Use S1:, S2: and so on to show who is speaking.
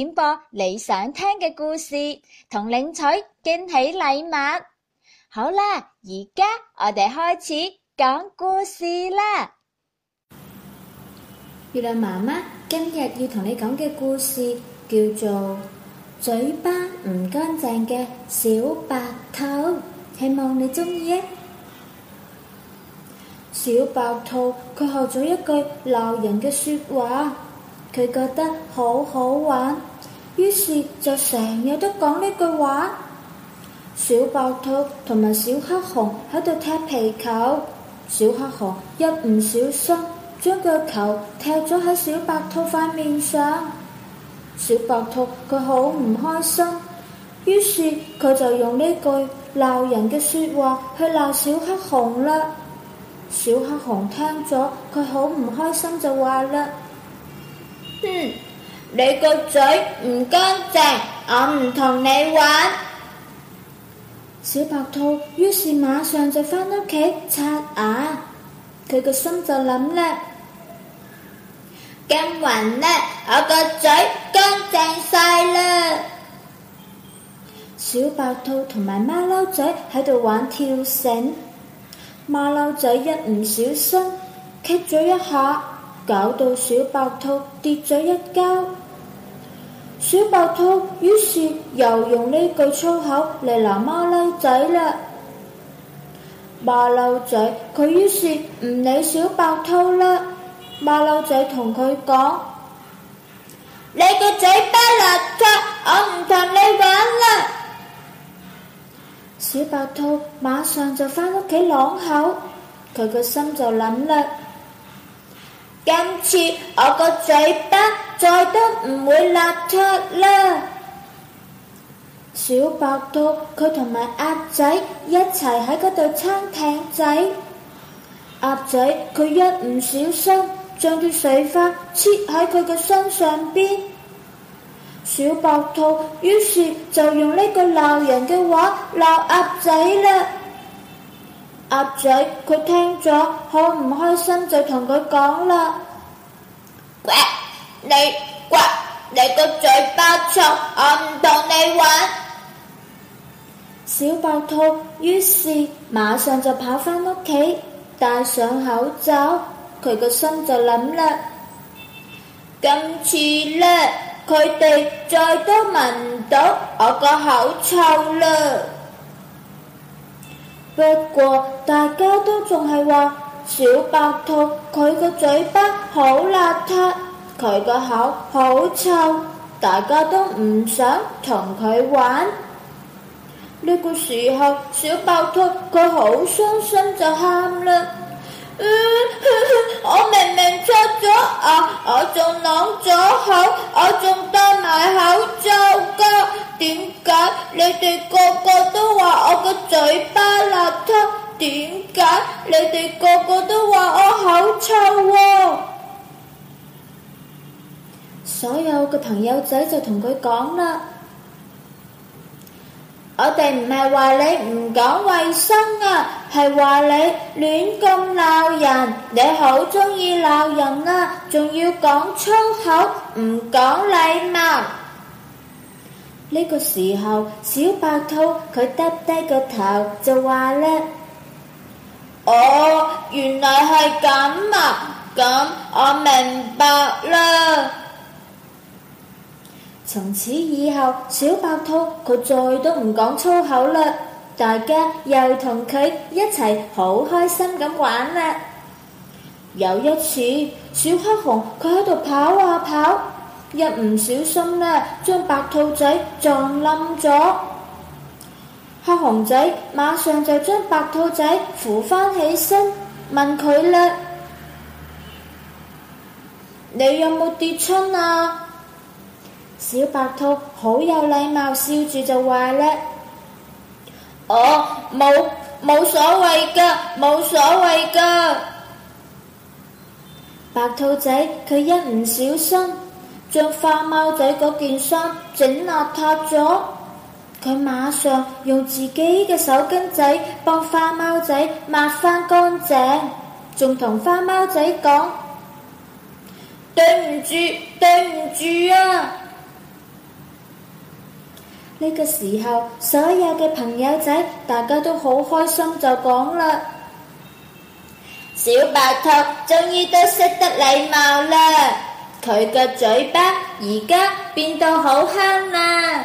S1: 點播你想聽嘅故事，同領取驚喜禮物。好啦，而家我哋開始講故事啦。月亮媽媽，今日要同你講嘅故事叫做《嘴巴唔乾淨嘅小白兔》，希望你鍾意啊！小白兔佢學咗一句鬧人嘅說話，佢覺得好好玩。於是就成日都講呢句話：小白兔同埋小黑熊喺度踢皮球，小黑熊一唔小心將個球踢咗喺小白兔塊面上。小白兔佢好唔開心，於是佢就用呢句鬧人嘅説話去鬧小黑熊啦。小黑熊聽咗佢好唔開心就，就話啦：哼！你個嘴唔乾淨，我唔同你玩。小白兔於是馬上就翻屋企刷牙，佢個心就諗啦：噉樣呢，我個嘴乾淨晒啦。小白兔同埋馬騮仔喺度玩跳繩，馬騮仔一唔小心，棘咗一下，搞到小白兔跌咗一跤。小白兔於是又用呢句粗口嚟鬧馬騮仔啦。馬騮仔佢於是唔理小白兔啦。馬騮仔同佢講：你個嘴巴邋遢，我唔同你玩啦！小白兔馬上就返屋企啷口，佢個心就諗啦。今次我個嘴巴，再都唔會邋遢啦！小白兔佢同埋鴨仔一齊喺嗰度撐艇仔，鴨仔佢一唔小心將啲水花切喺佢嘅身上邊，小白兔於是就用呢個鬧人嘅話鬧鴨仔啦。鴨仔佢聽咗好唔開心就，就同佢講啦。你怪你個嘴巴臭，我唔同你玩。小白兔於是馬上就跑返屋企，戴上口罩。佢個心就諗啦：今次咧，佢哋再都聞唔到我個口臭啦。不過大家都仲係話小白兔，佢個嘴巴好邋遢。佢個口好臭，大家都唔想同佢玩。呢個時候，小白兔佢好傷心就喊啦。嗯，我明明錯咗啊，我仲攬咗口，我仲戴埋口罩㗎，點解你哋個個都話我個嘴巴邋遢？點解你哋個個都話我口臭啊？所有嘅朋友仔就同佢講啦，我哋唔係話你唔講衛生啊，係話你亂咁鬧人，你好鍾意鬧人啊，仲要講粗口，唔講禮貌。呢個時候，小白兔佢耷低個頭就話咧：哦，原來係咁啊，咁我明白啦。從此以後，小白兔佢再都唔講粗口啦，大家又同佢一齊好開心咁玩啦。有一次，小黑熊佢喺度跑啊跑，一唔小心咧，將白兔仔撞冧咗。黑熊仔馬上就將白兔仔扶返起身，問佢咧：你有冇跌親啊？小白兔好有禮貌，笑住就話咧：哦，我冇冇所謂噶，冇所謂噶白兔仔佢一唔小心將花貓仔嗰件衫整邋遢咗，佢馬上用自己嘅手巾仔幫花貓仔抹翻乾淨，仲同花貓仔講：對唔住，對唔住啊！呢個時候，所有嘅朋友仔大家都好開心就，就講啦：小白兔終於都識得禮貌啦，佢嘅嘴巴而家變到好香啦。